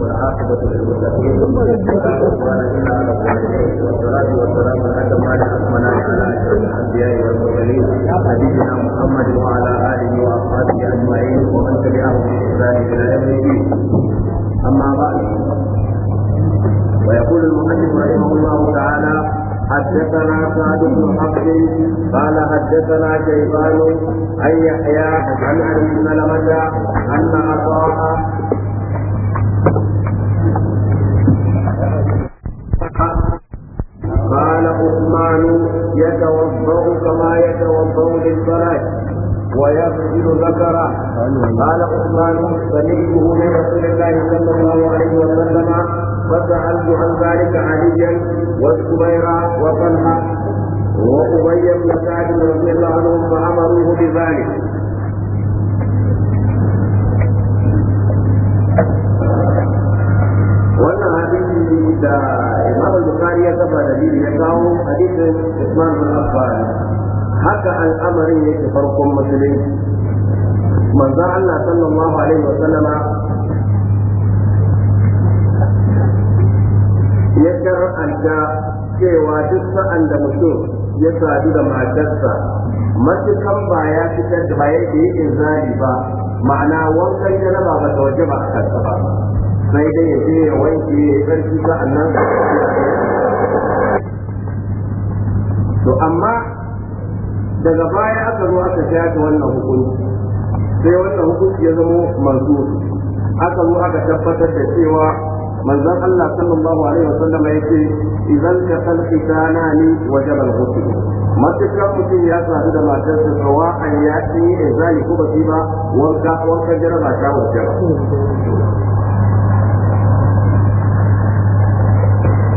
والعاقبة للمتقين ولا عدوان إلا على الظالمين والصلاة والسلام الأتمان الأكملان على أشرف الأنبياء والمرسلين نبينا محمد وعلى آله وأصحابه أجمعين ومن تبعهم بإحسان إلى يوم أما بعد ويقول المؤلف رحمه الله تعالى حدثنا سعد بن حق قال حدثنا شيبان أن يحيى عن ابي سلمه ان عطاء الرحمن يتوضأ كما يتوضأ للصلاة ويغسل ذكره قال عثمان سمعته من رسول الله صلى الله عليه وسلم فسألت عن ذلك عليا والزبير وطلحة وأبي بن سعد رضي الله عنهم فأمروه بذلك ولا da imam al ya kafa da ya kawo hadisin Usman bin Affan haka al'amarin yake farkon musulunci manzon Allah sallallahu alaihi wa sallama ya karanta cewa duk sa'an da mutum ya sadu da matarsa matukan ba ya fitar da ba yake yin inzali ba ma'ana wankan ya ba ta waje ba a ba sai dai ya ce ya wanke ya yi sarki to amma daga baya aka zo aka ta wannan hukunci sai wannan hukunci ya zama manzur aka zo aka tabbatar da cewa manzon Allah sallallahu alaihi wasallam yake idan ka talqi kana ni wajaba al-ghusl matuƙa mutum ya sadu da matarsa tsawa an ya ce zai ko ba wanka wanka jaraba ta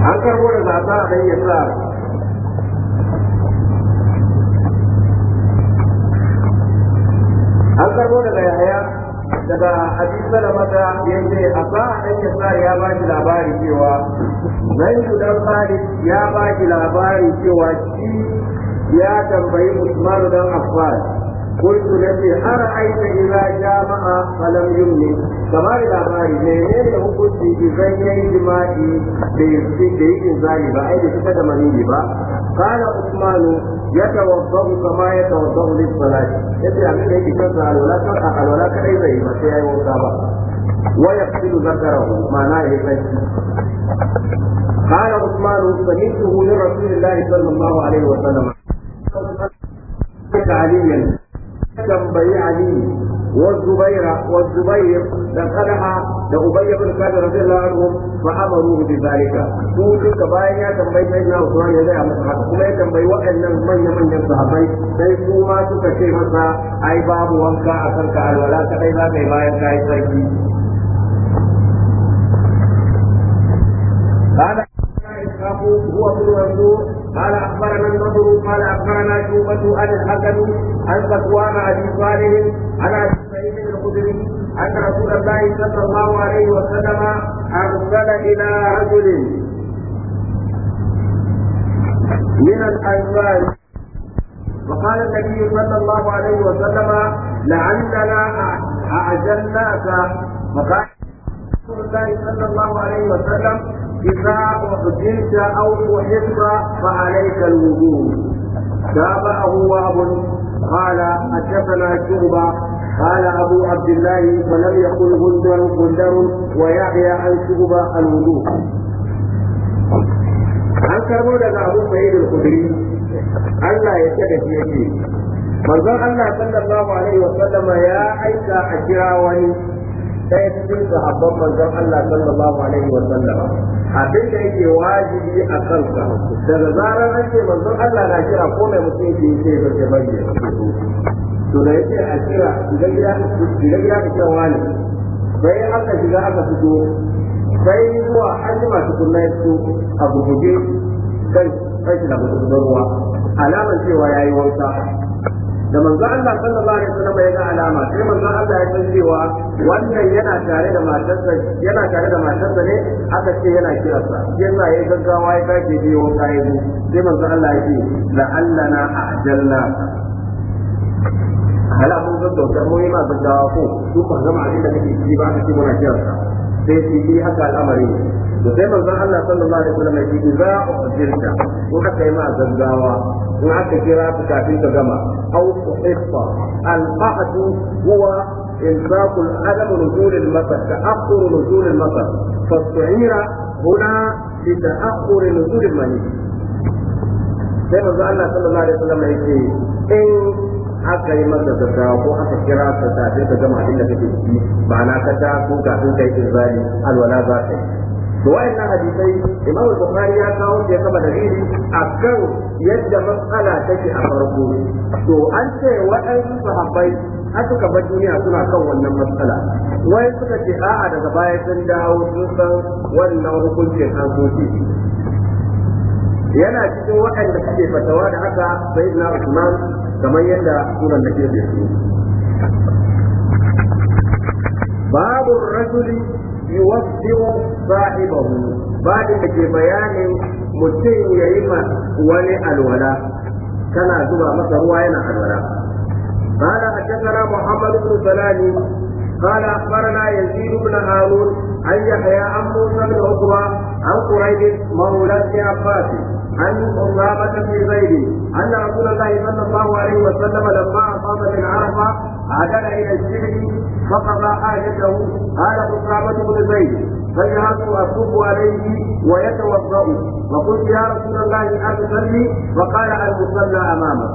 an karbo da zasa a dan yasa an karbo daga yahaya daga abin salamata ya ce a sa a dan yasa ya ba shi labari cewa zai dan khalid ya ba shi labari cewa shi ya tambayi usman dan affan قلت لك أرأيت إذا جامع فلم يمني كما labari menene hukunci idan ya yi jima'i da yi inzali ba ai da fita da maniyyi ba kana usmanu ya tawaddahu kama ya tawaddahu lis salati yace abin da yake kansa alwala kan alwala kadai zai ba sai yayi wanka ba wa yaqtilu zakarahu ma'ana ya tsaki قال عثمان سمعته من رسول الله صلى الله عليه وسلم عليا tambayi Ali wa Zubaira wa Zubair da Talha da Ubay ibn Kabir radiyallahu anhu fa amaru bi zalika su duka bayan ya tambayi sai na Usman ya zai amsa haka kuma ya tambayi waɗannan manya manyan sahabbai sai su ma suka ce masa ai babu wanka a kanka alwala kadai za kai bayan kai sarki مرفوعا الحسن عن صفوان ابي صالح عن ابي سعيد الخدري ان رسول الله صلى الله عليه وسلم ارسل الى رجل من الانصار وقال النبي صلى الله عليه وسلم لعلنا اعجلناك فقال رسول الله صلى الله عليه وسلم اذا أحجلت او أحب فعليك الوجود تابعه وهب قال حدثنا شعبة قال أبو عبد الله فلم يقل غندر غندر ويحيى عن شعبة الوضوء an karbo daga abu mai yin khudri Allah ya ce da shi yake manzon Allah sallallahu alaihi wa sallama ya aika a kira wani ɗaya cikin sahabban manzon Allah sallallahu alaihi wa sallam abin da yake wajibi a kansa daga zarar an ce manzon Allah na kira ko mai mutum yake yi sai zai bayyana to da yake a kira idan gida idan gida ka kira wani sai aka shiga aka fito sai zuwa an masu tukunna ya fito a guguje kan kai da mutum ruwa alamar cewa yayi wanka da manzo Allah sallallahu alaihi wasallam ya ga alama sai manzo Allah ya san cewa wannan yana tare da matarsa yana tare da matarsa ne aka ce yana sa yana yayi gaggawa ya kake ji wa kai sai manzo Allah ya ce la'allana ajalla hala mun to mun yi ma gaggawa ko su ba zama abin da kake ji ba kake muna sa sai shi yi haka al'amari da sai manzo Allah sallallahu alaihi wasallam ya ce idza ujirta ko kai ma gaggawa in aka kira su kafin ka gama aw tuhiffa al-ahd huwa إنفاق عدم نزول المطر تأخر نزول المطر Allah sallallahu alaihi wasallam yake in aka yi masa zakka ko aka kira ka tafi gama abin kake ba na ka ta ko kai inzali alwala za ka yi da wayannan hadisai Imam Bukhari ya kawo ya kama a akan yadda matsala take a farko to an ce waɗansu sahabbai a suka bar duniya suna kan wannan matsala wai suka ce a'a daga baya sun dawo sun san wannan hukuncin an yana cikin waɗanda suke fatawa da haka sai na Usman kamar yadda sunan da ke babu rajuli yuwaddi'u sahibahu babin da ke bayanin mutum ya yi ma wani alwala kana zuba masa ruwa yana alwala a hadathana muhammad ibn salani qala akhbarana yazid ibn harun an yahya an musa ibn ukwa an quraib mawla abbas an umama bin zaid an rasulullah sallallahu alaihi wasallam lamma qama min arafah عدل إلى الشرك فقضى حاجته قال أسامة بن زيد فجعلت أصب عليه ويتوضأ وقلت يا رسول الله أصلي فقال المصلى أمامك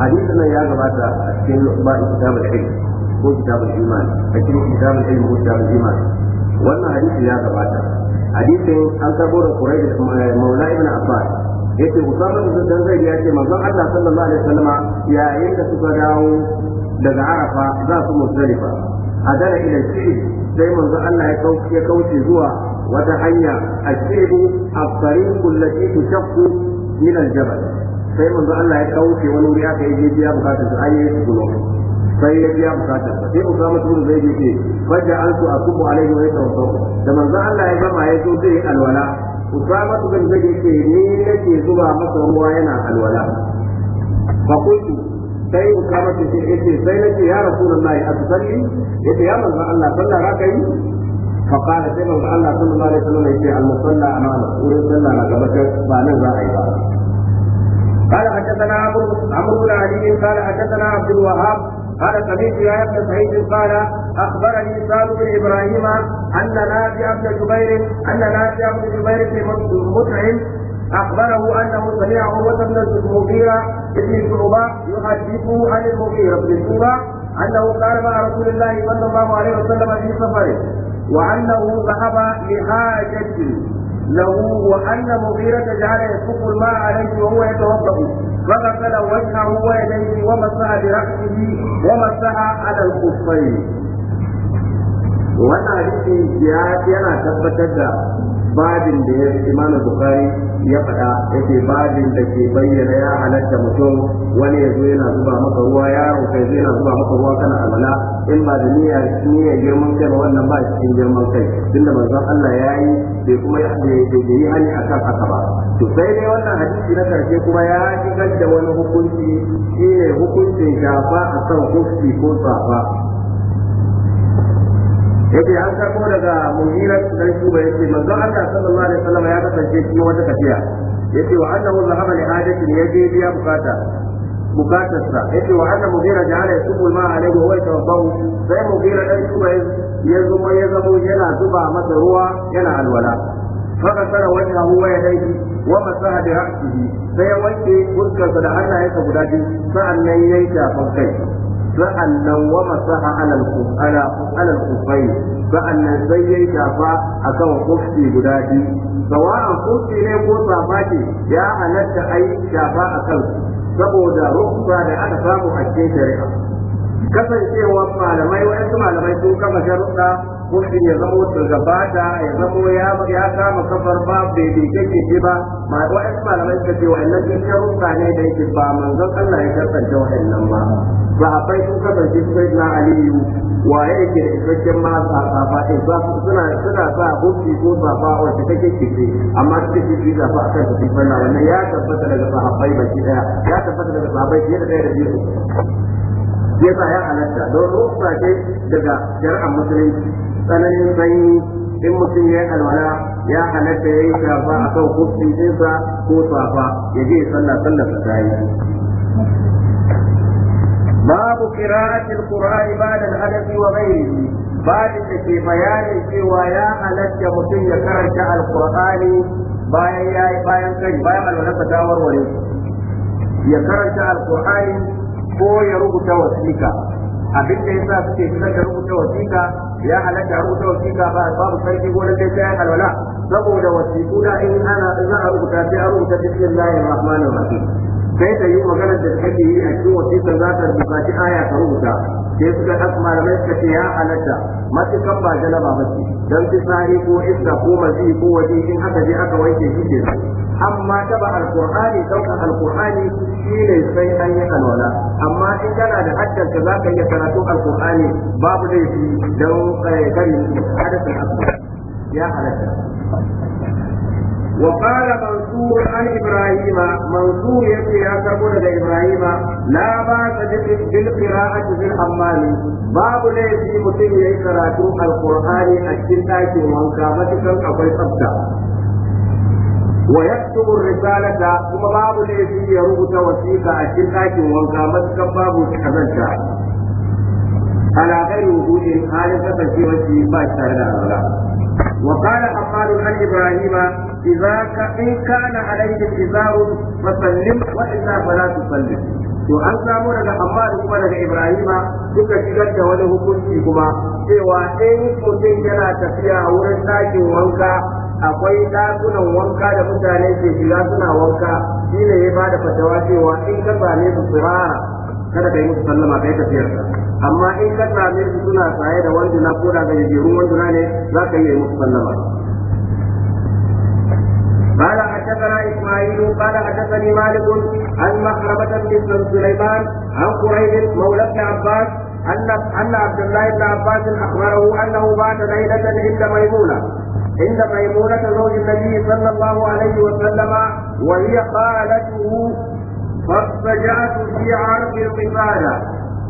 حديثنا يا جماعة أشكل بعد كتاب العلم ko kitabul iman a cikin kitabul هو ko الإيمان iman حديث يا ya gabata hadisin an karbo da Quraysh Maula ibn Abbas yace Usama ibn Dan zai ya ce manzon Allah sallallahu alaihi wasallama yayin da suka dawo daga Arafa za su Muzdalifa a dara ila shi sai manzon Allah ya kauce ya kauce zuwa wata hanya a shebu a tariqu allati tushaqqu min al-jabal sai manzon Allah ya kauce wani wuri aka yi biya bukatun su ayi su gulo sai ya biya bukatar sa sai Usama ibn Zaid ya ce faja'altu akubu alaihi wa yatawaffa da manzon Allah ya gama ya zo zai alwala usama bin zaid yace ni nake zuba masa ruwa yana alwala fa kuntu sai usama ce yace sai nake ya rasulullahi tsalli yace ya manzo Allah sallah raka yi fa qala sai manzo Allah sallallahu alaihi wasallam yace al-musalla amana sallah na gabatar ba nan za a yi ba قال حدثنا عمرو عمرو بن علي قال حدثنا عبد الوهاب قال سمعت يا ابن سعيد قال اخبرني سالم بن ابراهيم أن نافع بن جبير أن نافع بن جبير في مطعم أخبره أنه سمع عروة بن المغيرة بن شعبة يحدثه عن المغيرة بن شعبة أنه قال مع رسول الله صلى الله عليه وسلم في سفره وأنه ذهب لحاجة له وأن مغيرة جعل يسكب الماء عليه وهو يتوضأ فغسل وجهه ويديه ومسح برأسه ومسح على الخفين wannan hadisi yana tabbatar da babin da ya imam bukari ya faɗa yake babin da ke bayyana ya halatta mutum wani ya zo yana zuba maka ruwa yaro kai zo yana zuba maka ruwa kana amala in ba da niyya niyya girman kai ba wannan ba cikin girman kai tunda manzon Allah ya yi bai kuma ya yi hali akan haka ba to sai dai wannan hadisi na karshe kuma ya shigar da wani hukunci shi ne hukuncin shafa akan kofi ko safa yake an karbo daga muhirar dan shuba yake manzo Allah sallallahu alaihi wasallam ya kasance shi wata tafiya yake wa annahu zahaba li hajati ya je biya bukata sa yake wa anna muhira ala yasubu ma alaihi wa yatawaddahu sai muhira dan shuba ya zo ya zamo yana zuba masa ruwa yana alwala فغسل وجهه ويديه ومسح برأسه سيوجه وجهه da hannayensa guda biyu sa'an nan yayi shafan kai sa'annan wa masaha alal kufara kufai sa'annan sai yayi shafa akan kufi guda biyu Sawa an ne ko safa ce ya halatta ai shafa akan saboda rukuba da aka samu a cikin shari'a kasancewar malamai wa'yansu malamai sun kama sharuɗa mutum ya zama wata gabata ya zama ya kama kafar ba bai bai kake ba ma wa'in malamai suka ce wa'annan duk sharuɗa ne da yake ba manzon Allah ya wa'in nan ba ba a bai sun kasance su kai na aliyu waye yake da isasshen ma sa in eh, ba suna suna sa hukki ko ba wacce take kife amma suke ji da ka akan su fanna wannan ya tabbata daga sahabbai ki daya ya tabbata daga sahabbai fiye da daya da biyu sa ya halatta don rufa ce daga jar'an musulunci tsananin sanyi in mutum ya yi alwala ya halatta ya yi shafa a kan kufin ɗinsa ko safa ya je sallah sallah ta yi babu qira'atil qur'ani ba'da al-hadath wa ghayrihi babin da ke bayanin cewa ya halatta mutum ya karanta Al-Qur'ani bayan yayi bayan kai bayan alwala ta warware ya karanta Al-Qur'ani ko ya rubuta wasiƙa abin da yasa suke kira da rubuta wasiƙa ya halatta a rubuta wasiƙa ba babu sarki na dai ta alwala saboda wasiƙu da in ana za a rubuta sai a rubuta layin rahmanir rahim sai ta yi magana da take yi a cikin wasiƙar za ta aya ka rubuta sai suka asma da suka ce ya halatta matukan ba jalaba ba ce dan fitsari ko iska ko mazi ko waje in haka je aka wanke shi ke amma taba alqur'ani daukan shi ne sai an yi alwala amma in kana da haddar ka zaka iya karatu alqur'ani babu laifi dan eh, kare hadasin asma ya halatta وقال منصور عن ابراهيم منصور يبي يا كربون ابراهيم لا باس بالقراءة في الحمام باب ليس متين يقرأ القرآن الشتاء وانكا متكا أقوي ويكتب الرسالة ثم باب ليس يربط وثيقة الشتاء وانكا متكا باب كذلك على غير وجود حال فتشي وشي باش تهدى وقال حماد عن ابراهيم اذا ان كان عليك ازار فسلم واذا فلا تسلم to an samu daga Ammar kuma daga Ibrahima suka shigar da wani hukunci kuma cewa in mutum yana tafiya wurin ɗakin wanka akwai ɗakunan wanka da mutane ke shiga suna wanka shine ya bada fatawa cewa in ka same su tsirara kada ka yi musu sallama kai tafiyarsa. amma in ka same su suna saye da wanduna ko da gajerun wanduna ne za ka yi musu sallama قال حدثنا اسماعيل قال حدثني مالك عن مخربة بن سليمان عن قريب مولى ابن عباس ان ان عبد الله بن عباس اخبره انه بعد ليله عند ميمونه عند ميمونه زوج النبي صلى الله عليه وسلم وهي خالته فاضطجعت في عرض القباله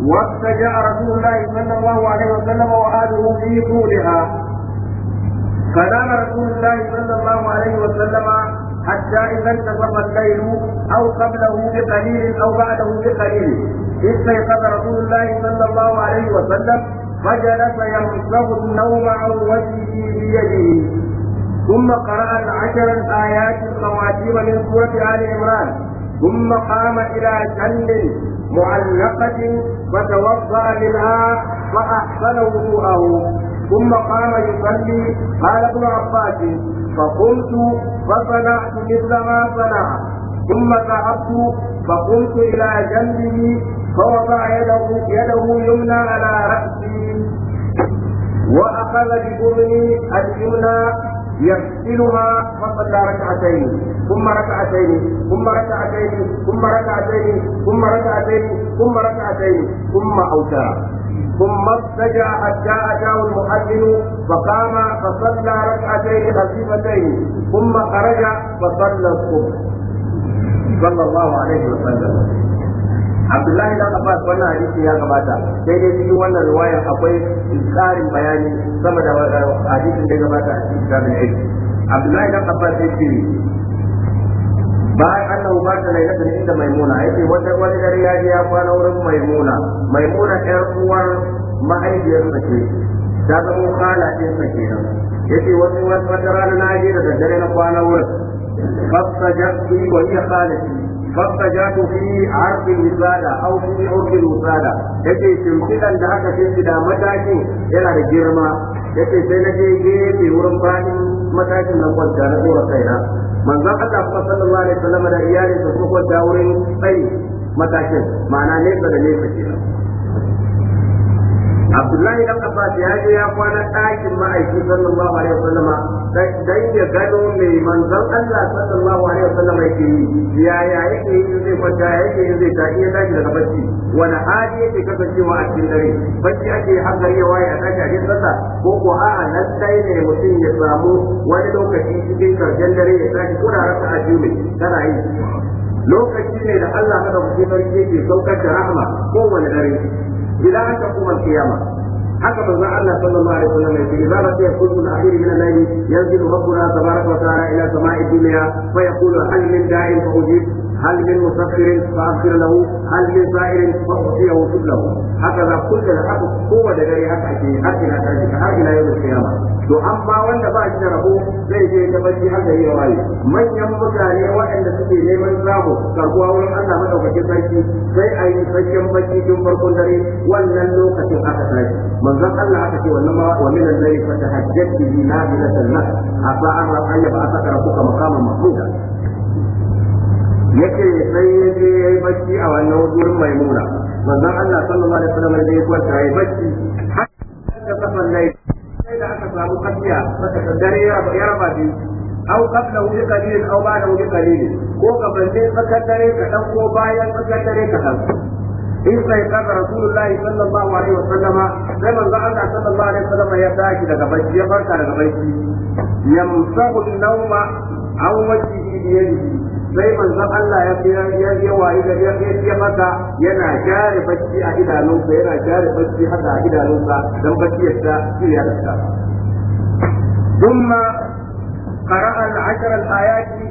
جاء رسول الله صلى الله عليه وسلم وآله في طولها فنام رسول الله صلى الله عليه وسلم حتى إذا انتصف الليل أو قبله بقليل أو بعده بقليل استيقظ رسول الله صلى الله عليه وسلم فجلس يمسه النوم عن وجهه بيده ثم قرأ العشر الآيات المواتير من سورة آل عمران ثم قام إلى جل معلقة فتوضأ منها فأحسن وضوءه ثم قام يصلي قال ابن عباس فقمت فصنعت مثل ما صنع ثم ذهبت فقمت إلى جنبه فوضع يده يده اليمنى على رأسي وأخذ بأذني اليمنى يغسلها فصلى ركعتين ثم ركعتين ثم ركعتين ثم ركعتين ثم ركعتين ثم ركعتين ثم ثم اضطجع حتى المؤذن فقام فصلى ركعتين خفيفتين ثم خرج فصلى الصبح صلى الله عليه وسلم Abdullahi dan Abbas wannan hadisi ya gabata sai dai cikin wannan riwaya akwai tsarin bayani sama da hadisin da ya gabata a cikin kitabul ilm Abdullahi bayan annahu ba ta lailatan inda maimuna yace wata wani dare ya je ya kwana wurin maimuna maimuna yar uwar mahaifiyarsa ce ta zama kala ɗinsa kenan yace wata wata rana na je da daddare na kwana wurin jaki wa hiya fasta fasajatu fi a misala aw fi urqi misala yace shimfidan da aka da matakin yana da girma yace sai na je gefe wurin bayan matakin na kwanta na tsoron kaina manzon Allah kuma sallallahu alaihi wasallam da iyali da su kwanta wurin tsayi matakin ma'ana ne da kake Abdullahi dan Abbas ya je ya kwana ɗakin ma'aiki sallallahu alaihi wasallam dan ya gano mai manzon Allah sallallahu alaihi wasallam yake yi yaya yake yi zai fata yake yi zai tafi ya tashi daga bacci wani hali yake kasancewa a cikin dare bacci ake hankali ya waye a tashi a cikin ko ko a nan sai ne mutum ya samu wani lokaci cikin karshen dare ya tashi ko da rasa ajiyu kana yi lokaci ne da Allah madaukakin sarki ke saukar da Rahma ko wani dare idan aka kuma kiyama haka manzo Allah sallallahu alaihi wasallam ya ce idza ra'a yakunu al-akhir min al-layl yanzilu rabbuna tabaraka wa ta'ala ila sama'i dunya fa yaqulu hal min da'in fa ujib هل من مسافر فأغفر له هل من سائر فأعطيه سبله هكذا كل الحق هو دجاري حق في حق الحق إلى يوم القيامة to amma wanda ba shi da rabo zai je ta bacci har da yawa yi manyan mutane waɗanda suke neman samu karbuwa wurin Allah madaukakin sarki sai a yi sakken bacci tun farkon dare wannan lokacin aka tashi manzon Allah aka ce wannan ma wa min al-layli fa tahajjat bi nafilatan lak asa an ra'a ya ba aka rabuka maqama mahmuda yace sai ya je yi bacci a wannan wurin gurin maimuna manzon Allah sallallahu alaihi wasallam ya kwanta yi bacci har da kafan lai sai da aka samu kafiya saka dare ya raba biyu أو قبله بقليل أو بعده بقليل ko gabanin tsakar dare ka kaɗan ko bayan tsakar dare ka kaɗan in sai kaga rasulullahi sallallahu alaihi wa sallama sai manzo Allah sallallahu alaihi wa sallama ya tashi daga bacci ya farka daga bacci yamsahu an-nawma aw wajhihi bi yadihi sai manzon Allah ya ya ya wayi da ya ya maka yana jari bacci a idanunsa yana jari bacci haka a idanunsa dan bacci ya ta ya ta thumma qara'a al-ashra al-ayati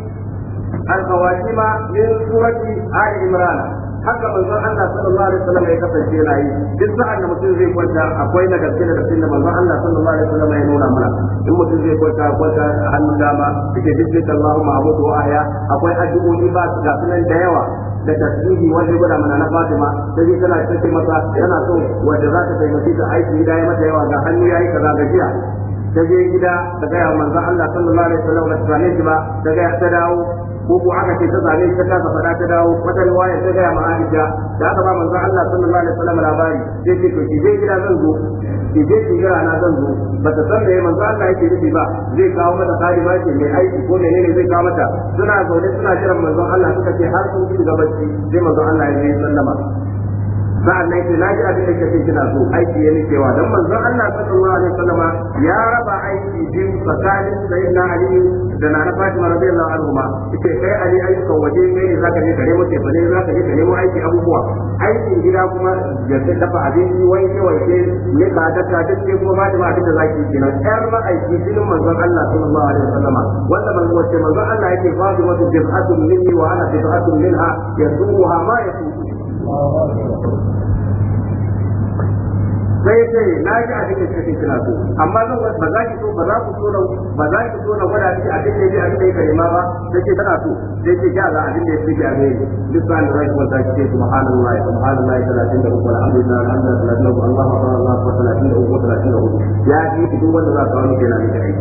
al-qawatima min surati al-imran haka manzon Allah sallallahu alaihi wasallam ya kasance yana yi duk sa'an da mutum zai kwanta akwai na gaske da gaske da manzon Allah sallallahu alaihi wasallam ya nuna mana in mutum zai kwanta kwanta a hannun dama yake bismillah Allahu abudu wa Aya, akwai addu'o'i ba ga sunan da yawa da tasbihi wani gura mana na Fatima sai dai tana kace masa yana so wanda za ta taimaki ta aiki da ya mata yawa ga hannu yayi kaza gajiya ta je gida ta gaya manzon Allah sallallahu alaihi wasallam da ta ba ta ga ta dawo ko ko aka ce ta zabe ta kasa fada ta dawo wata riwaya ta gaya ma Aisha da aka ba manzo Allah sallallahu alaihi wasallam labari sai ce to ki je gida zan zo ya gida na zan zo ba ta san me manzo Allah yake nufi ba zai kawo mata ba ce mai aiki ko menene zai kawo mata suna zaune suna jiran manzo Allah suka ce har sun shiga bacci sai manzo Allah ya yi sallama sa'an nan ce naji abin da kake kina so aiki ya nake dan manzon Allah sallallahu alaihi wasallama ya raba aiki tsakanin na ali da nana fatima radiyallahu anhu ma yace kai ali ayyukan waje kai ne zaka je ka nemo ce ba ne zaka je ka nemo aiki abubuwa aikin gida kuma ya sai dafa abinci wanke wanke ne ka daka duk sai kuma fatima abin da zaki kenan ɗan ma'aiki jinin manzon Allah sallallahu alaihi wasallam wanda manzon wace manzon Allah yake fatima bid'atun minni wa ana bid'atun minha yasuha ma yasuha sai ce na ji a cikin cikin kina so amma zan ba za ki so ba za ku so na ba za ki so na gwada ki abin da yake abin da yake nema ba sai ce tana so sai ce ya za abin da yake ki abin lisan da rai wanda ki ce talatin da 33 alhamdulillah alhamdulillah Allahu akbar Allahu akbar 33 ya ji duk wanda za ka wani kenan ne kai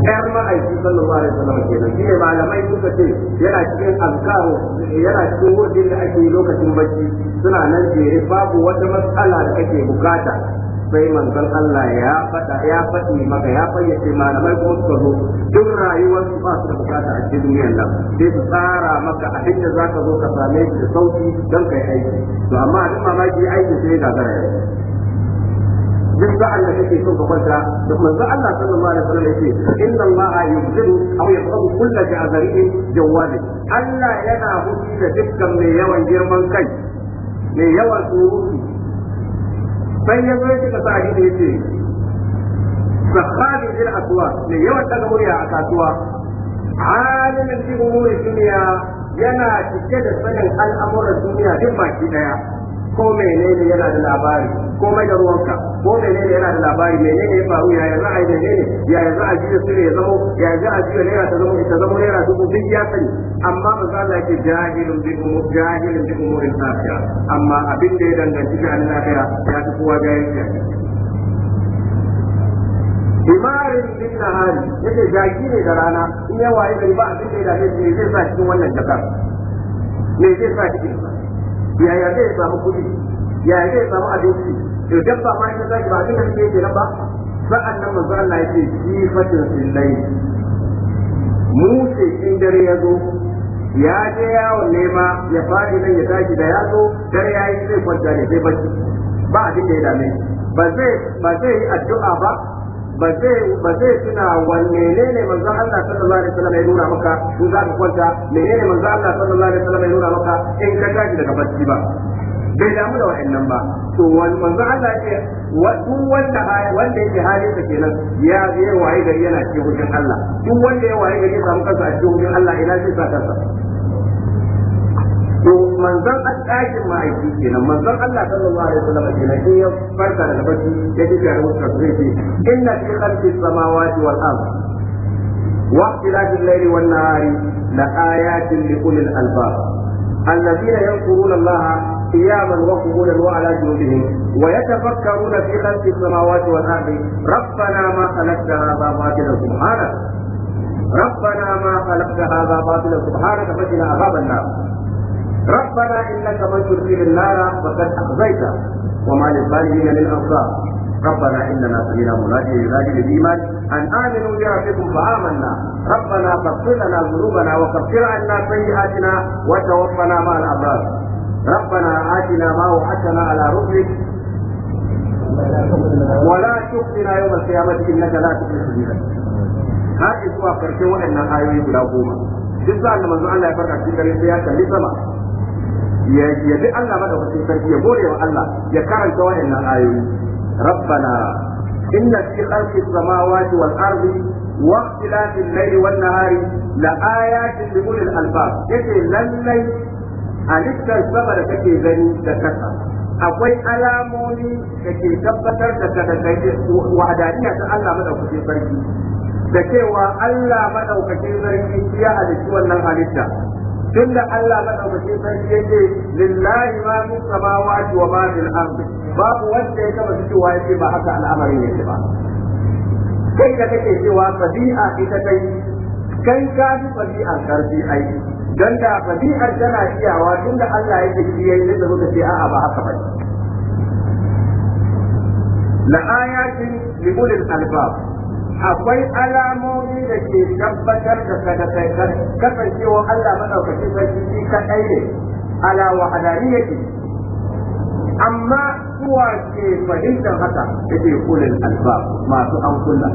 Ƴar ma'aiki sallallahu alaihi wasallam kenan shine malamai suka ce yana cikin azkaru yana cikin wurin da ake lokacin bacci suna nan jere babu wata matsala da kake bukata sai manzon Allah ya ya faɗi maka ya fayyace malamai ko su zo duk rayuwar su ba su da bukata a cikin duniyar nan sai su tsara maka abin da zaka zo ka same shi da sauki don kai aiki to amma duk mamaki aiki sai gagara yau duk sa'an da kake so ka kwanta da manzo Allah sallallahu alaihi wasallam yace inna Allah yubghidu aw yabghadu kullu ja'zarin jawwali Allah yana hukunci da dukkan mai yawan girman kai mai yawan surutu sai ya zo ya cika sa hadisi yace sakhali bil aswa mai yawan daga murya a kasuwa alimin fi umuri dunya yana cike da sanin al'amuran duniya duk baki daya ko menene yana da labari komai da ruwanka ko menene yana da labari menene ya faru yaya za a yi menene yaya za a jiya su ne ya zamo yaya za a jiya naira ta zamo ita zamo naira dubu duk ya sani amma manzo ke yake jahilun bi umur jahilun bi umurin safiya amma abin da ya danganci ga Allah ya ya fi kowa jahilci bimarin bin nahari yake jaki ne da rana in yawa ya gari ba abin da ya dace shi zai sa cikin wannan jaka me zai sa cikin yaya zai samu kuɗi yaya zai samu abinci to dabba ma ita zaki ba abin da kake kenan ba sa'an nan manzo Allah ya ce sifatin sillai mu ce in dare ya zo ya je yawon nema ya fadi nan ya tashi da ya zo dare ya yi zai kwanta ne sai bacci ba abin da ya dame ba zai ba zai yi addu'a ba ba zai ba zai tuna wanne ne ne manzon Allah sallallahu alaihi wasallam ya nuna maka in za ka kwanta menene manzon Allah sallallahu alaihi wasallam ya nuna maka in ka tashi daga bacci ba bai damu da wa'annan ba to wani manzo Allah ce duk wanda wanda yake halin sa kenan ya yi waye gari yana cikin hujjar Allah duk wanda ya waye gari ya samu kansa a cikin hujjar Allah ina zai sa kansa to manzon ɗakin ma'aiki kenan manzon Allah sallallahu alaihi wasallam kenan in ya farka daga bacci ya ji ga rubuta zai ce inna fi khalqi samawati wal ard wa ikhtilafi al-layli wan nahari la ayatin li ulil albab alladhina yanquruna Allah قياما وقعودا وعلى جنوبهم ويتفكرون في خلق السماوات والارض ربنا ما خلقت هذا باطلا سبحانك ربنا ما خلقت هذا باطلا سبحانك فقنا عذاب النار ربنا إنك من تدخل النار فقد أخزيته وما للظالمين من أنصار ربنا إننا سمينا مناجي ينادي بالإيمان أن آمنوا بربكم فآمنا ربنا فاغفر لنا ذنوبنا وكفر عنا سيئاتنا وتوفنا مع الأبرار ربنا آتنا ما وعدتنا على رسلك ولا تخزنا يوم القيامة إنك لا تخلف الميعاد هذه هو فرق وإن الآية يقول أبوما لما sa'an da في Allah سياسه farka cikin ya bi Allah madaukakin sarki ya gore wa Allah ya karanta wayannan ayoyi rabbana inna fi khalqis samawati wal ardi wa ikhtilafil layli wan nahari la ayatin li ulil albab yace lallai halittar sama da kake gani da kasa akwai alamomi da ke tabbatar da kadadai wadaniya ta Allah madaukakin sarki da cewa Allah madaukakin sarki ya halitta wannan halitta tun da Allah madaukakin sarki yake lillahi ma fi samawati wa ma fil ardi babu wanda ya taba fitowa yake ba haka al'amarin yake ba kai da kake cewa fadi'a ita kai kai ka fi fadi'a karfi ai dan da fadi'ar tana iyawa tun da Allah yake shi yayi da kuka ce a'a ba haka ba la ayatin li ulil albab akwai alamomi da ke tabbatar da sadakai kasancewa Allah madaukakin sarki shi kadai ne ala wahadaniyati amma kuwa ke fahimtar haka da ke kulin alba masu hankula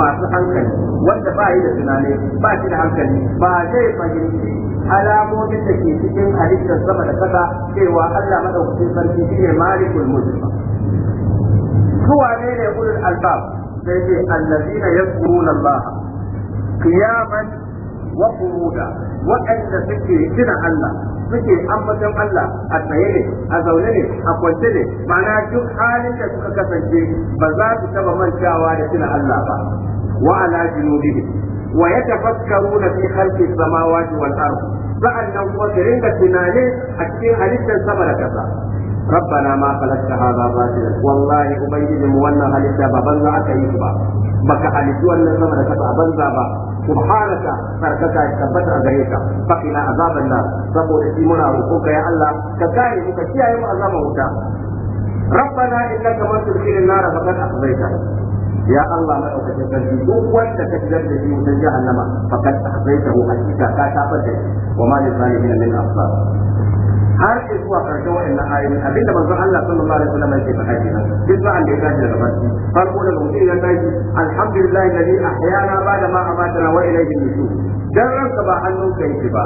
masu hankali wanda ba yi da tunani ba shi da hankali ba zai fahimci alamomin da ke cikin halittar sama da kasa cewa Allah madaukakin sarki shi ne malikul mulk kuwa ne ne kulin alba sai ce allazina yadhkuruna Allah qiyaman wa qu'uda waɗanda suke kina Allah suke ambaton Allah a tsaye ne a zaune ne a kwance ne ma'ana duk halin da suka kasance ba za su taba mantawa da kina Allah ba wa ala junubihim wa yatafakkaruna fi khalqi samawati wal ardh sa'annan kuma su ringa tunane a cikin halittar sama da kasa rabbana ma khalaqta hadha batila wallahi ubangiji mu wannan halitta ba banza aka yi ba baka halittu wannan sama da kasa banza ba subhanaka sarkaka tabbata a gare ka fakina azaban nan saboda shi muna roƙonka ya Allah ka kare mu ka kiyaye mu azaban wuta rabbana innaka man tudkhilin nar faqad akhzayta ya Allah mai aukacin sarki duk wanda ka shigar da shi wutar jahannama faqad akhzaytahu hakika ka tabar da shi wa ma lil zalimin min ansar har ke zuwa karshen wa'annan ayoyi abinda manzon Allah sallallahu alaihi wasallam yake faɗa kenan duk sa'an da ya tashi daga barci farko da mutum ya tashi alhamdulillah alladhi ahyana ba'da ma amatana wa ilayhi nushur dan ranka ba hannun ka yake ba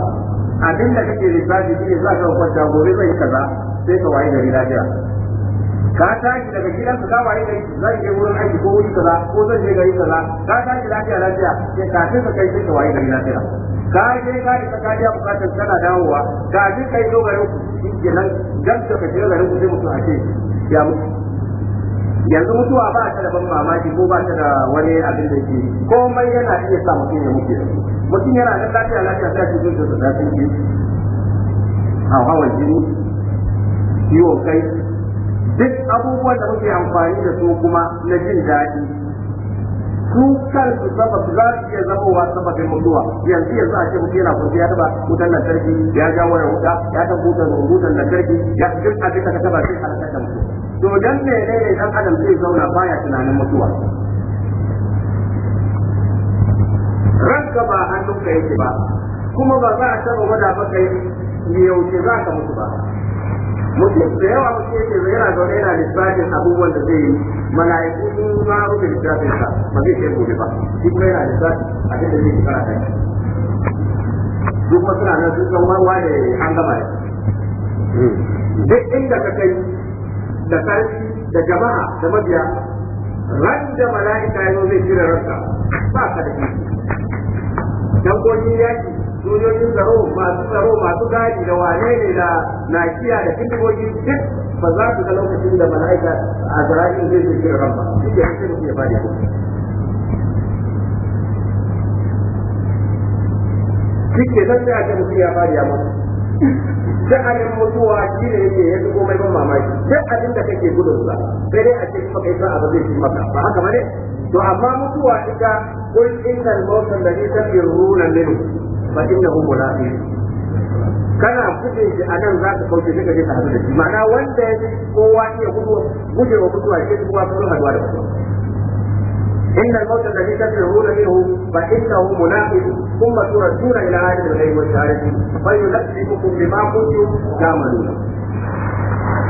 abinda kake lissafi shine za ka kwanta gobe zai kaza sai ka waye gari lafiya ka tashi daga gidan ka waye ne zan je wurin aiki ko wuri kaza ko zan je gari kaza ka tashi lafiya lafiya sai kafin ka kai ka waye gari lafiya ka je ka isa ka biya bukatar kana dawowa ka ji kai zo garin ku shi kenan dan ka ka shiga garin ku sai mutum a ce ya mutu yanzu mutuwa ba ta da ban mamaki ko ba ta da wani abin da ke komai yana iya sa mutum ya mutu mutum yana da lafiya lafiya sai ki zuciya da zafin A hawan jini ciwon kai duk abubuwan da muke amfani da su kuma na jin daɗi su kansu su za su iya zama zamowa sababin mutuwa yanzu yanzu a ce mutum yana kurfi ya taba wutar lantarki ya ja wayar wuta ya ta hutar rubutar lantarki ya fi girka da ta taba sai halaka da mutum to dan ne dan adam zai zauna baya tunanin mutuwa ranka ba hannunka yake ba kuma ba za a taba gwada maka yaushe za ka mutu ba mutum da yawa mutum yake yana zaune yana lissafin abubuwan da zai yi mala'iku sun ba mu da littafin sa ba zai kai gobe ba shi kuma yana da sati a cikin da yake fara kai duk kuma na nan sun san wa da an gama ne hmm. duk inda ka kai da sarki da jama'a da mabiya ran da mala'ika ya zai da ranka ba ka da shi dangogin yaki sojojin tsaro masu tsaro masu gadi da wane ne da nakiya da fitimogi duk ba za ku ga lokacin da mala'ika a zara'in zai zai kira ranka shi ke sai mutum ya fadi shi ke nan sai a ce mutum ya fadi ya mutu duk abin mutuwa shi ne yake ya zubo mai ban mamaki duk abin da kake gudun sa sai dai a ce kuma kai sa abu zai fi maka ba haka ba ne? to amma mutuwa ita kul innal mawtan ladhi tafirruna minhu fa innahu mulaqi kana gudun shi a nan za ka kauce shi gaje ta hadu da shi ma'ana wanda ya ji kowa iya gudu guje wa gudu a shi kuma sun haduwa da kuma inna al-mawt alladhi tadruhu lahu fa innahu munaqib thumma turaduna ila hadhihi al-ghayb wa sharihi fa yunaqibukum bima kuntum ta'malun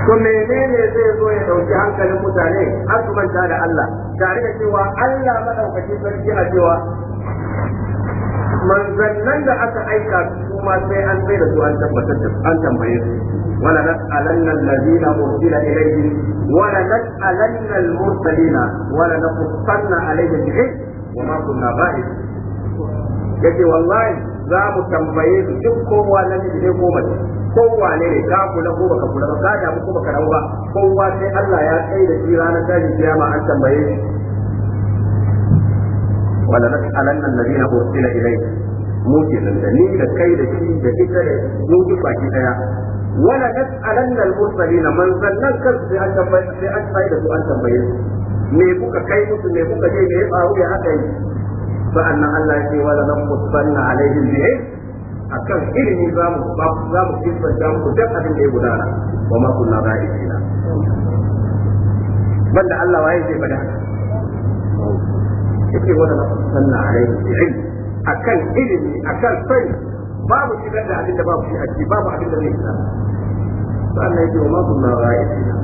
to menene zai zo ya dauki hankalin mutane har su manta da Allah tare da cewa Allah madaukakin sarki a cewa manzannan da aka aika su ma sai an sai da su an tabbatar da an tambaye su wala nas'alanna allazina ursila ilayhi wala nas'alanna al-mursalina wala naqussanna alayhi bihi wa ma kunna ba'id yace wallahi za mu tambaye su duk kowa na ne ko mace kowa ne ne ka kula ko baka kula ba ka damu ko baka damu ba kowa sai Allah ya kai da shi ranar tashin kiyama an tambaye shi wala nas'alanna alladhina ursila ilayhi mu kenan da kai da shi da ita da mu baki daya wala al-mursalina man zannan kan sai an tambaye sai me kuka kai me kuka je me ya faru ya Allah ya akan ilimi za mu za mu kisanta muku duk abin da ya gudana wa ma kunna ra'isina banda Allah waye zai bada yake na sanna alaihi ilmi akan ilimi akan sani babu shigar da abin da babu shi a ciki babu abin da zai isa sannan yake wa ma kunna ra'ayina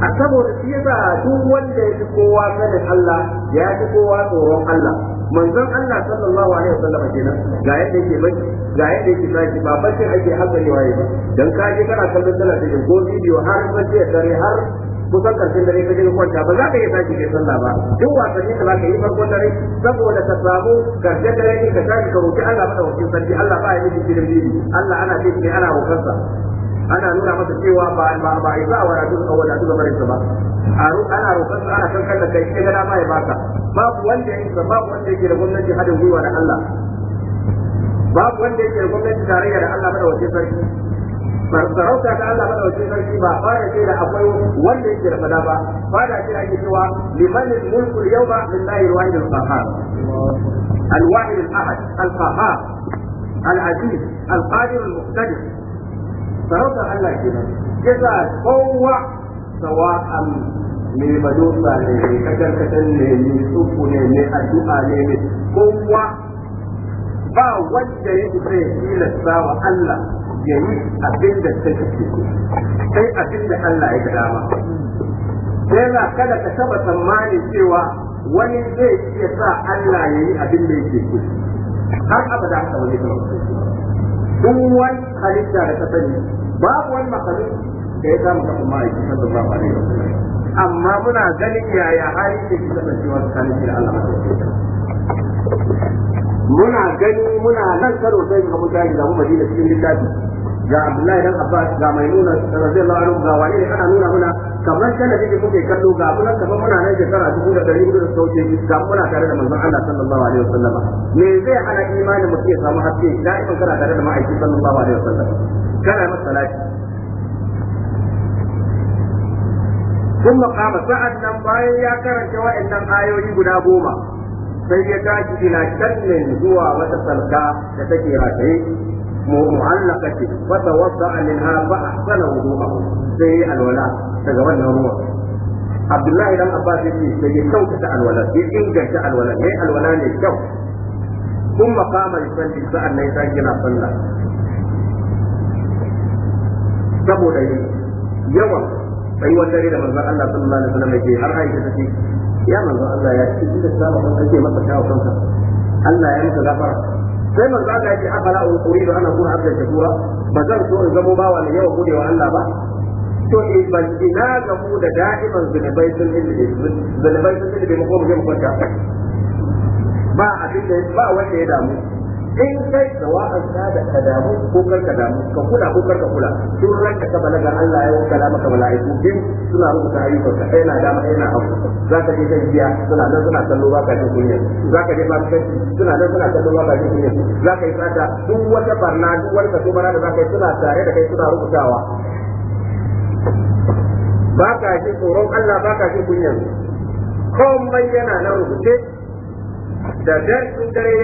a saboda shi yasa duk wanda ya fi kowa sanin Allah ya fi kowa tsoron Allah manzon Allah sallallahu alaihi wasallam kenan ga yadda yake bai ga yadda yake saki ba bacin ake hankali waye ba dan ka je kana kallon talabijin ko bidiyo har sai ya tare har kusan karshen dare ka je kwanta ba za ka iya tashi kai sallah ba duk wasanni da za ka yi farkon dare saboda ka samu karshen dare ne ka tashi ka roki Allah wakil sarki Allah ba ya miki jirgi. Allah ana ce ne ana hukunsa ana nuna masa cewa ba ba ba a wa radu ka wala duka bare ba a ana roƙon sa ana kankan da kai sai da ma ya baka babu wanda yake babu wanda yake da gwamnati hadin gwiwa da Allah babu wanda yake da gwamnati tarayya da Allah ba da wakil sarki sarauta ta Allah ba dauke sarki ba fara ce da akwai wanda yake da fada ba fara ce ake cewa liman mulku yawma lillahi al-wahid al-qahhar al-wahid al-ahad al-qahhar al-aziz al-qadir al-muqtadir sarautar Allah ke nan yasa kowa sawa'an me madosa ne me kakarkatan ne me tsufu ne me addu'a ne me kowa ba wanda ya isa ya tilasta wa Allah ya yi abin da ta kake sai abin da Allah ya ga dama sai kada ka taba tsammani cewa wani zai iya sa Allah ya yi abin da yake so har abada haka wani zai duk wani halitta da ta sani babu wani makalin da ya samu kafin ma'aiki sallallahu alaihi wasallam amma muna ganin yaya hali ke kasancewa tsakanin shi da Allah muna gani muna nan karo sai ga mutane da mu madina cikin littafi ga Abdullahi dan Abbas ga Maimuna radiyallahu anhu ga wani ne ana nuna muna kamar kana da kuke kallo ga kunan kamar muna nan shekara 1400 da sauke ga muna tare da manzon Allah sallallahu alaihi wasallam me zai hana imanin mu ke samu haske ikon kana tare da ma'aiki sallallahu alaihi wasallam kana masa salati ثم قام سعد نم باين يا كرن شواء النم ayoyi guda goma, sai ya tashi ina kallon zuwa wata salka da take rataye mu'allaqati fa tawadda'a minha fa ahsana wudu'ahu sai alwala daga wannan ruwa Abdullahi dan Abbas yace sai ya kyautata alwala sai inganta alwala yayi alwala ne kyau kuma kama yusalli sa'an nan sai yana sallah saboda yawan tsayuwar dare da manzon Allah sallallahu alaihi wasallam yake har aisha take ya manzon Allah ce da sama kan kake masa kawo Allah ya sai manzo Allah yake da uridu an akuna abdan shakura ba zan so in zamo bawa ne yawa gode wa Allah ba to eh, ban ina ga mu da da'iman zunubai sun ilmi zunubai sun ilmi mu ko mu kwanta ba abin da ba wanda ya damu in kai da ta da ka damu ko kar ka damu ka kula ko kar ka kula sun ranka ka balaga Allah ya wakala maka mala'iku din suna rubuta ayyukan ka kai na dama kai na hagu za ka je kan giya suna nan suna kallo ba ka jin kunya za ka je fasikanci suna nan suna kallo ba ka jin kunya za ka yi fata duk wata barna duk wani kaso barna da za ka yi suna tare da kai suna rubutawa ba ka ji tsoron Allah ba ka ji kunyan komai yana nan rubuce da daren dare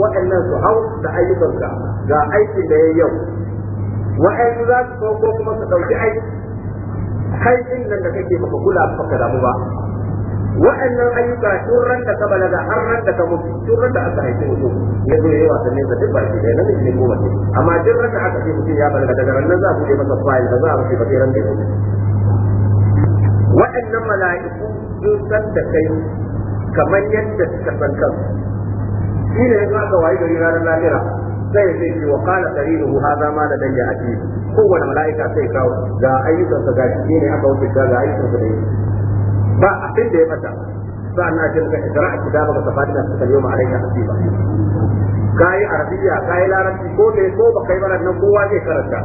waɗannan su hau da ayyukanka ga aikin da ya yau wa'ansu za su ko kuma su ɗauki aiki kai din nan da kake maka kula ka damu ba wa'annan ayyuka tun ran da ka balaga har ran da ta mutu tun ran da aka haifi mutum ya zo yayi wasannin da duk barki da nan ne ko mace amma duk ran da aka ce mutum ya balaga daga ran nan za su je masa fayil da za a rufe bakiran da ya wa'annan mala'iku sun san da kai kamar yadda suka san kan shi ne yanzu aka wayi gari ranar lahira sai ya ce wa qala qarinuhu hadha ma da danja ati kowane mala'ika sai kawo ga ayyukansa ga shi ne aka wuce ga ayyukansa da yake ba abin da ya mata sa'an na ce muka isra'a kitabaka safatina suka yau ma'alaika hasiba kayi arabiya kayi larabci ko da ko ba kai bara nan kowa zai karanta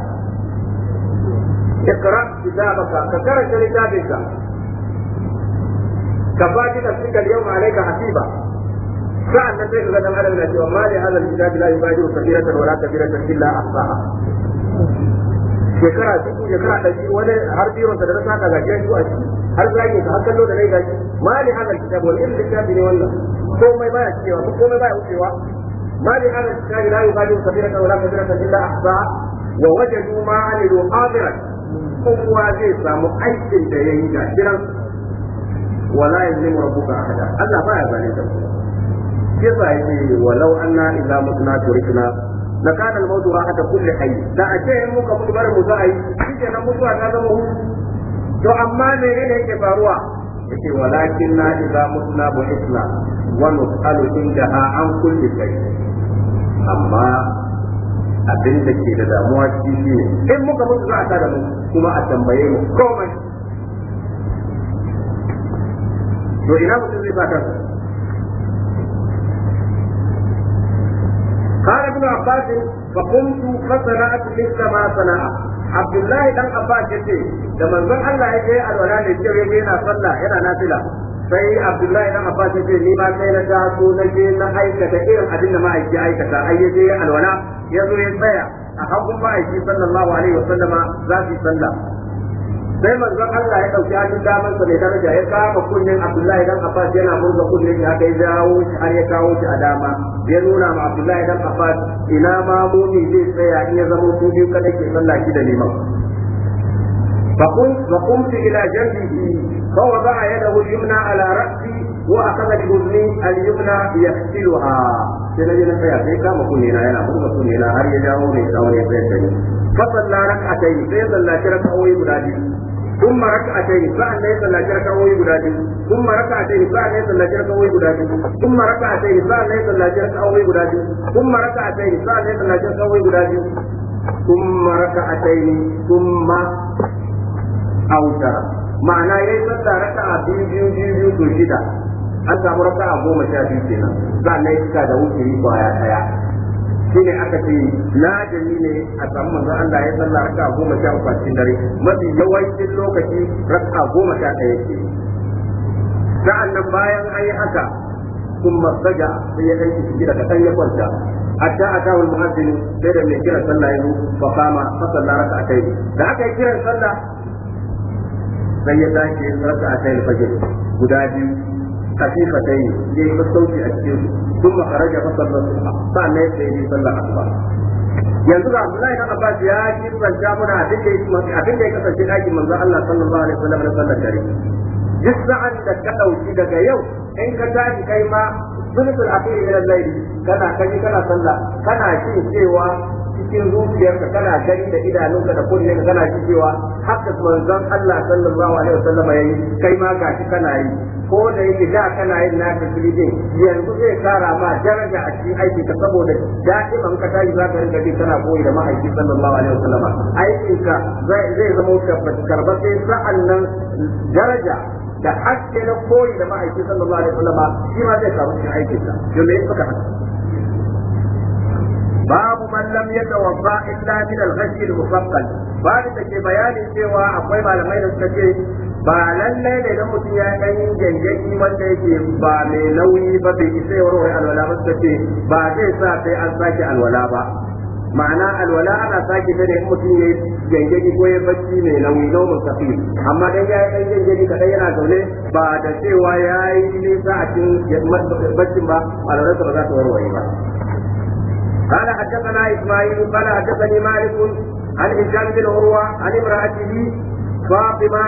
ikra kitabaka ka karanta littafinka كفاتنا تلك اليوم عليك حسيبا فأنا شيخ قد أنا من أجل وما لهذا الكتاب لا يبادر كبيرة ولا كبيرة إلا أخطاها شكرا شكرا شكرا ولا هر بيرون تدرسها كذا جيش وأجل har zage ka har kallo da rai gashi ma li hada kitab wal ilm kitab ne wannan komai baya cewa ko komai baya wucewa ma li hada kitab la yubadiru kabiratan wala kabiratan illa ahsa wa wajadu ma amilu hadiran kowa zai samu aikin da yayi kiran wala yazlimu rabbuka ahada Allah baya zalunta kisa yake walau anna idza mutna turikna لكان الموت mun كل حي لا a yi. مجرد مزاعي إذا ta zama هو to amma menene yake faruwa yake walakin na idza mutna bu isla wa nus'alu indaha an kulli shay amma abin da ke da damuwa shi ne in muka mutu za a da mu kuma a tambaye mu komai to ina mutum zai fata قال ابن عباس فقمت فصنعت مثل ما صنع Abdullahi dan Abbas yace da manzon Allah ya kai alwala ne cewa yana sallah yana nafila sai Abdullahi dan Abbas yace ni ba kai na taso na je na aikata irin abin da ma'aiki aikata ai yaje alwala ya zo ya tsaya a hagun ma'aiki sallallahu alaihi wasallama za su sallah sai manzon Allah ya dauki hannun daman sa mai daraja ya kama kunnen Abdullahi dan Abbas yana murza kunnen da aka jawo shi har ya kawo shi a dama ya nuna ma Abdullahi dan Abbas ina ma mumi zai tsaya in ya zama su biyu kada ke sallah shi da liman فقمت إلى جنبه فوضع يده اليمنى على رأسي وأخذ بأذني اليمنى يغسلها sai na je na tsaya sai kama kunne na yana buga kunne na har ya jawo mai tsawon ya tsayar da ni fa sallara ka sai sallaci raka'o'i guda biyu ثم ركعتين فان ليس لك ركعوي غداتي ثم ركعتين فان ليس لك ركعوي غداتي ثم ركعتين فان ليس لك ركعوي غداتي ثم ركعتين فان ليس لك ركعوي غداتي ثم ركعتين ثم أوتر معنى yayi sallah raka'a biyu biyu biyu biyu to shida an samu raka'a goma sha biyu kenan sannan ya shine aka ce lajami ne a samu manzo Allah ya sallah raka goma sha uku cikin dare mafi yawancin lokaci raka goma sha ɗaya ke sa'an nan bayan an yi haka sun masaja sai ya ɗan shi da ɗan ya kwanta a ta wani muhaddin sai da mai kiran sallah ya zo fa kama fa sallah kai da aka yi kiran sallah sai ya kai raka'atayn fajr guda biyu خفيفتين دي بالصوت الشيخ ثم خرج فصلى الصبح فانا يسيري صلى الصبح yanzu ga Abdullahi dan Abbas ya kiranta muna abin da yake abin da ya kasance dakin manzo Allah sallallahu alaihi wasallam na sallar dare duk sa'an da ka dauki daga yau in ka tashi kai ma sulutul akhir min al-layl kana kaji kana sallah kana shi cewa cikin zuciyarka kana gani da idanunka da kunnen kana ji cewa hakka manzon Allah sallallahu alaihi wasallam yayi kai ma gashi kana yi ko da yake da kana yin naka filidin yanzu zai kara ma daraja a cikin aiki ka saboda da'iman ka tashi za ka rinka ji kana koyi da mahaifi sallallahu alaihi wasallam aikinka zai zama karbatai sai sa'annan daraja da haske na koyi da ma'aiki sallallahu alaihi wasallam shi ma zai samu cikin aikinsa yau me ka haka man lam yatawaffa illa min al-ghashyi al-mufaqqal ba da ke bayanin cewa akwai malamai da suka ce ba lallai da idan mutum ya dan yin gangani wanda yake ba mai nauyi ba bai isa ya warware alwala ba suka ce ba zai sa sai an sake alwala ba ma'ana alwala ana sake ta ne in mutum ya gangani ko ya bacci mai nauyi nauyin safi amma dan ya dan gangani kadan yana zaune ba da cewa ya yi nisa a cikin baccin ba alwalarsa ba za ta warware ba قال حدثنا اسماعيل قال حدثني مالك عن هشام بن عروه عن امراته فاطمه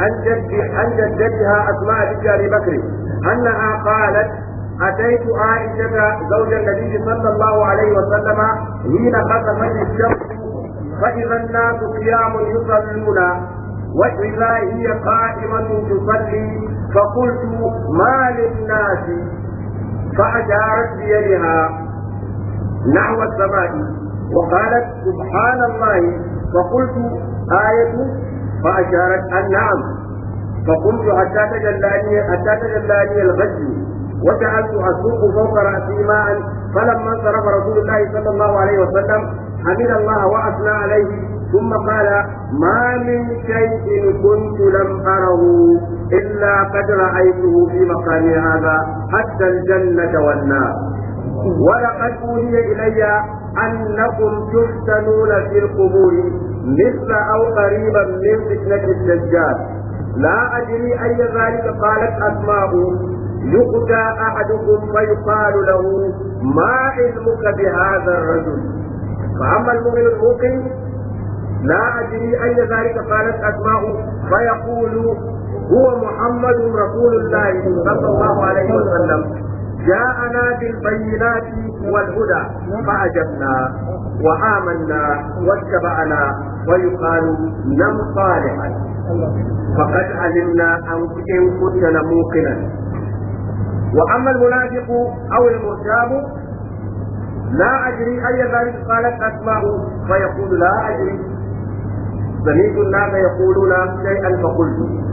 عن جد عن جدتها اسماء بنت ابي بكر انها قالت اتيت عائشه زوج النبي صلى الله عليه وسلم حين خسفت الشمس فاذا الناس قيام يصلون واذا هي قائمه تصلي فقلت ما للناس فاشارت بيدها نحو السماء وقالت سبحان الله فقلت آية فأشارت أن نعم فقلت حتى تجلاني حتى تجلاني الغزو وجعلت أسوق فوق رأسي ماء فلما انصرف رسول الله صلى الله عليه وسلم حمد الله وأثنى عليه ثم قال ما من شيء كنت لم أره إلا قد رأيته في مقامي هذا حتى الجنة والنار ولقد أوحي إلي أنكم تفتنون في القبور مثل أو قريبا من فتنة الدجال لا أدري أي ذلك قالت أسماء يؤتى أحدكم فيقال له ما علمك بهذا الرجل فأما المؤمن الموقن لا أدري أي ذلك قالت أسماء فيقول هو محمد رسول الله صلى الله عليه وسلم جاءنا بالبينات والهدى فعجبنا وآمنا واتبعنا ويقال نم صالحا فقد علمنا أن كنت لموقنا وأما المنافق أو المرتاب لا أدري أي ذلك قالت أسماء فيقول لا أدري سمعت الناس يقولون شيئا فقلت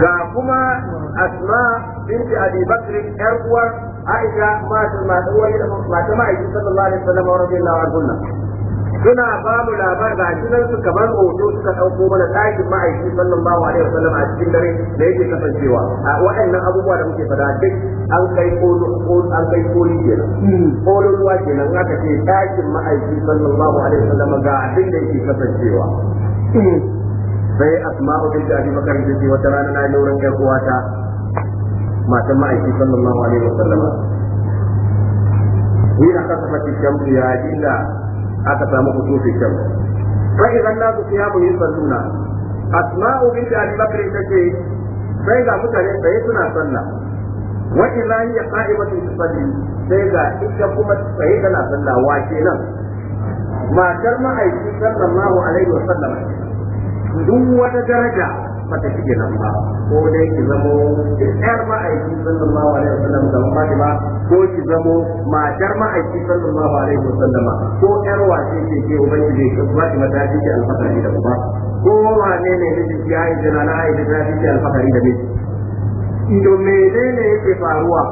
ga kuma asma بنت ابي بكر ارقوى عائشه مات مات مات ma'aiki sallallahu alaihi wasallam wa radiyallahu anhunna suna bamu mu labar ga sunan su kamar hoto suka dauko mana ɗakin ma'aiki sallallahu alaihi wasallam a cikin dare da yake kasancewa a waɗannan abubuwa da muke fada duk an kai kolo an kai koli kenan kolo ce ɗakin ma'aiki sallallahu alaihi wasallam ga abin da yake kasancewa sai asma'u binti abi bakar ta ce wata rana na yi wurin ƴar uwata matan ma'aiki sallallahu alaihi wasallam ni kasa saba cikin ya da aka samu kusufi kan fa idan ya qiyamu yusalluna asma'u bint abi ta ce, sai ga mutane sai suna sallah wa idza hiya qa'imatu tusalli sai ga ita kuma sai tana sallah wa kenan matar ma'aiki sallallahu alaihi sallam duk wata daraja ba shi shige nan ba ko dai ki zamo da ƴar ma'aiki sallallahu alaihi wasallam da ba ko ki zamo matar ma'aiki sallallahu alaihi wasallama ko ƴar wace ce ke ubangiji ko Fatima ta shige alfahari da ba ko wane ne ne ji ya yi jana na aiki da shige alfahari da ne ido me ne ne yake faruwa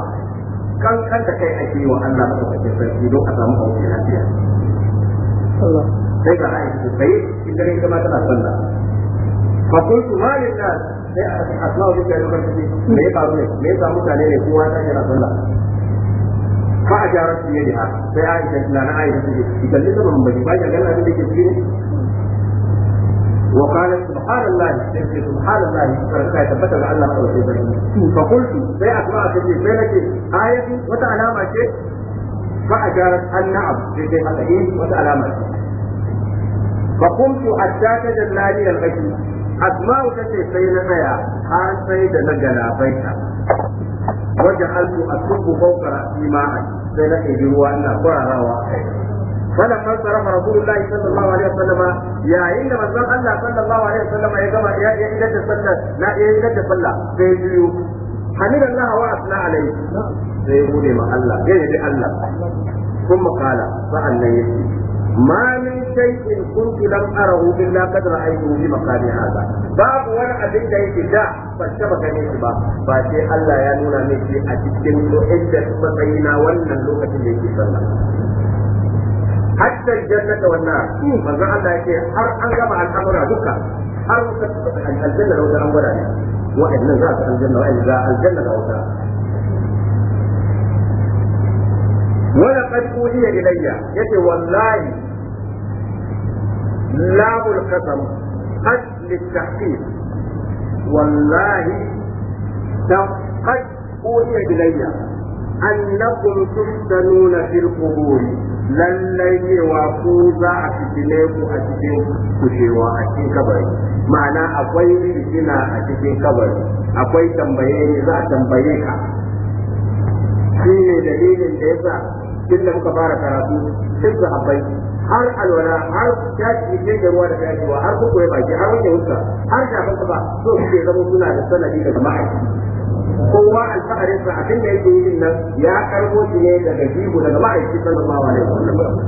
kan kan da kai ake wa Allah ka kwace sarki don a samu aure lafiya Allah sai ga ai sai kin gare ka ma tana sallah فقلت ما للناس sai a cikin asma wajen da yankar ciki me ya faru ne me ne kowa ta kira sallah fa a jarar su ne ha sai a isa na na aisha su idan ba ganin abin da ke ne وقالت سبحان الله سبحان الله فرقا يتبتل على الله أو شيء فقلت سي أسماء تجي سينك آية وتعلامة شيء فأجارت النعم في شيء وتعلامة فقمت حتى تجلى لي asma'u tace sai na tsaya har sai da na galabai ta wajen halku a tukku fauka rafi ma sai na kai ruwa ina kurarawa a kai fala man sarafa rasulullah sallallahu alaihi wasallam yayin da manzon Allah sallallahu alaihi wasallam ya gama ya yi da sallah na ya yi da sallah sai biyu hamid Allah wa asna alaihi sai mu ne ma Allah sai ne Allah kuma kala sa'an nan yake ma شيء كنت لم أره إلا قد رأيته في مقام هذا باب وانا أبين ده يتجاه فالشبكة نيشبا فاشي الله يانونا نيشي أتكين لؤدة مطينا وانا اللوكة اللي صلى حتى الجنة والنار فالنار الله يكي هر أنقب عن أمرها دكا هر الجنة لو ده أمرها وإن نزعت الجنة وإن ذا الجنة لو ده ولقد أوحي إلي يتي والله لام Wallahi, قد للتحقيق والله قد أوحي إلي أنكم تفتنون في القبور lallai wa ku za a fitile ku a cikin kushewa a cikin kabari ma'ana akwai fitina a cikin kabari akwai tambaye za a tambaye shi ne dalilin da yasa tun da muka fara karatu duk sahabbai har alwala har shafi ne da ruwa da shafewa har kuku baki har wanda wuska har shafin ba so suke zama suna da sanadi da jama'a kowa alfa'arin sa abin da yake yin nan ya karbo shi ne daga jibu daga ma'aiki sallallahu alaihi wasallam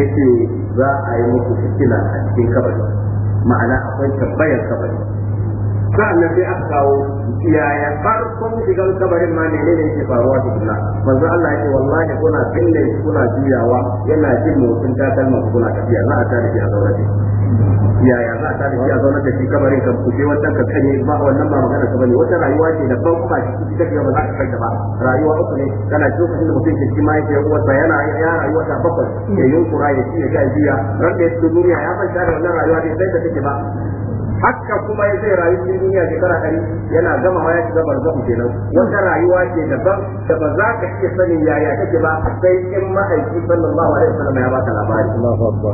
yace za a yi muku fitila a cikin kabari ma'ana akwai tabbayar kabari sa'annan sai aka kawo yaya farkon shigar kabarin ma ne ke faruwa tukunna manzo Allah yake wallahi kuna kille kuna juyawa yana jin motsin kalma kuna tafiya za a tare a zaure shi yaya za a tare a zaure da shi kabarin kan je wannan ka kanye ba wannan ba magana ka bane wata rayuwa ce da ban kuma shi take ba za ka kai ba rayuwa uku ne kana lokacin da mutum ke cikin mahaifiyar uwarsa yana ya rayuwa ta bakwai ya yunkura ya ci ya ga jiya ran su duniya ya manta tare wannan rayuwa ne, sai da take ba haka kuma ya zai rayu cikin duniya shekara ɗari yana gama ma ya zafi ke nan wata rayuwa ce daban da ba za ka iya sanin yaya kake ba sai in ma'aiki sallallahu alaihi wasallam ya baka labari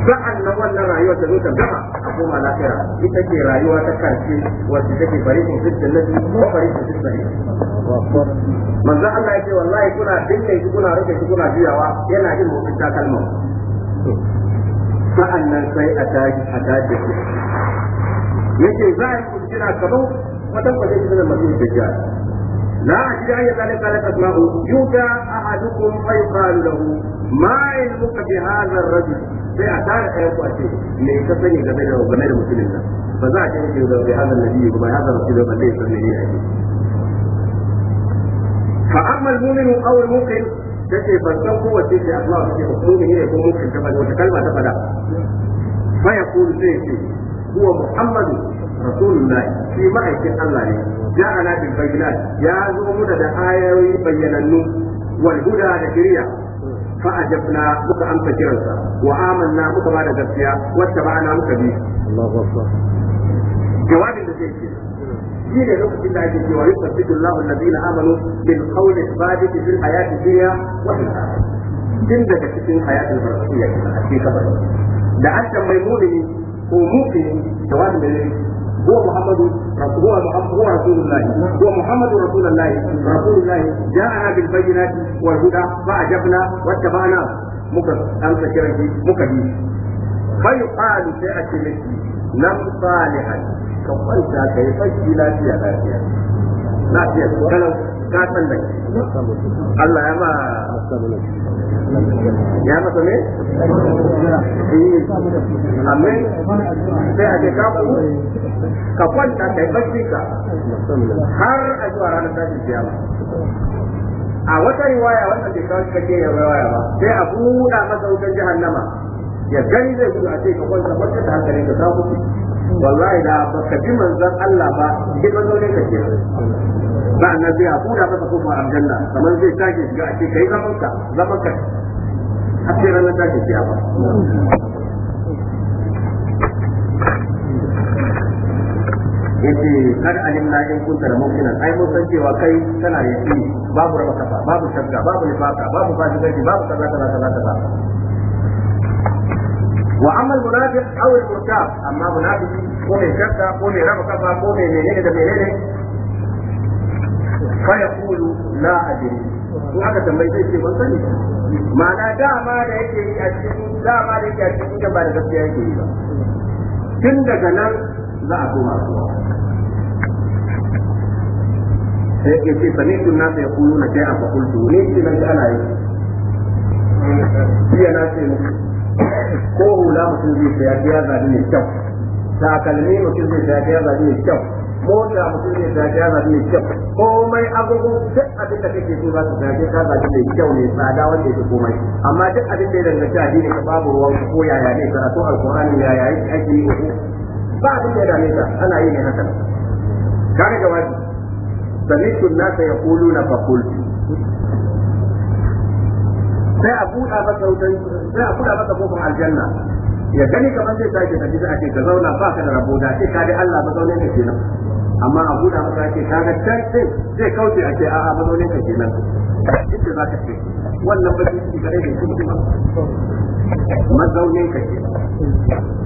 sa'an nan wannan rayuwa ta zo ta gama a koma lafiya ita ce rayuwa ta karshe wacce take fariqun fil jannati wa fariqun fil sa'ir manzo Allah ya ce wallahi kuna dinka shi kuna rufe shi kuna juyawa yana jin motsin takalma sa'an nan sai a tashi a tashi yake za a yi kujira kamar wata kwaje shi da masu dajjal لا أشياء ذلك لك أسماء يوجا أحدكم فيقال له ما علمك بهذا الرجل sai a tara ɗaya ku a ce me ka sani game da game da mutumin nan ba za a ce mutum da bai hazan nabi ba bai shi da ba dai san mene yake fa amma al-mu'minu aw al-muqim dace ban san ko wace ce Allah ya ce mu'min ne ko muqim ta wata kalma ta fada fa yaqulu sai ce huwa muhammadu rasulullah shi ma'aikin Allah ne ya ana bil ya zo muda da ayoyi bayyanannu wal huda da shari'a fa ajabna muka kiransa wa amanna muka ba da gaskiya wacce ba'ana muka bi Allahu akbar jawabin da zai ce shi ne lokacin da ake cewa yusabbitu Allahu alladhina amanu daga cikin hayatul barzakhiya a cikin da an tambayi ko mu'mini da wanda ya هو محمد هو هو رسول الله هو محمد رسول الله رسول الله جاءنا بالبينات والهدى فأجبنا واتبعنا muka amsa kiran shi muka bi bai qalu sai a ce miki nan salihan ka kwanta kai lafiya ka san tsallake Allah ya ba ya masa ne? Eh, amin sai a je ka ka kwanta kai bacci ka har a zuwa ranar tashin kiyama a wata riwaya wannan bai kawo kake ya riwaya ba sai a buɗa masa wutar jahannama ya gani zai gudu a ce ka kwanta kwanta da hankalin ka kuɗi. wallahi da baka ji manzon Allah ba ji manzo ka ke. ba na biya ko da baka koma aljanna kamar zai tashi shiga a ce kai zaman ka zaman ka a ce ranar tashi biya ba yace kar alimna yin kunta da mumkinan ai mun san cewa kai kana yaki babu raba kafa babu shakka babu nifaka babu fasikanci babu kaza kaza kaza kaza واما المنافق او المرتاب اما منافق قومي شكا قومي ربكا قومي منين ده منين فيقول لا ادري in aka tambayi zai ban sani da dama da yake yi a cikin dama da yake a cikin da ba da gaskiya yake yi ba tun daga nan za a koma kowa sai yake ce sani tun na sai kulu na sai a fakultu ne ce nan ana yi biya na ko hula mutum zai saya sai ya zabi mai kyau takalmi mutum zai saya sai ya zabi mai kyau mota mutum zai saya sai ya zabi mai kyau komai agogo duk abin da kake so za ka saya sai ka zabi mai kyau ne tsada wanda yake komai amma duk abin da ya danganci addini ka babu ruwan ko yaya ne karatu alqur'ani yaya ake ko. ba abin da ya dame ka ana yi ne haka kaga jawabi sami kunna sayaquluna faqultu sai a buɗa masa wutan sai a buɗa masa kofin aljanna ya gani kamar zai sake ka ji ake ka zauna ba ka da rabo da sai ka bi Allah ba zaune ka kenan amma a buɗa masa ake ka ga can sai zai kauce ake a a ba zaune ka kenan inda za ka ce wannan ba zai ci gare da shi ba mazaunin ka kenan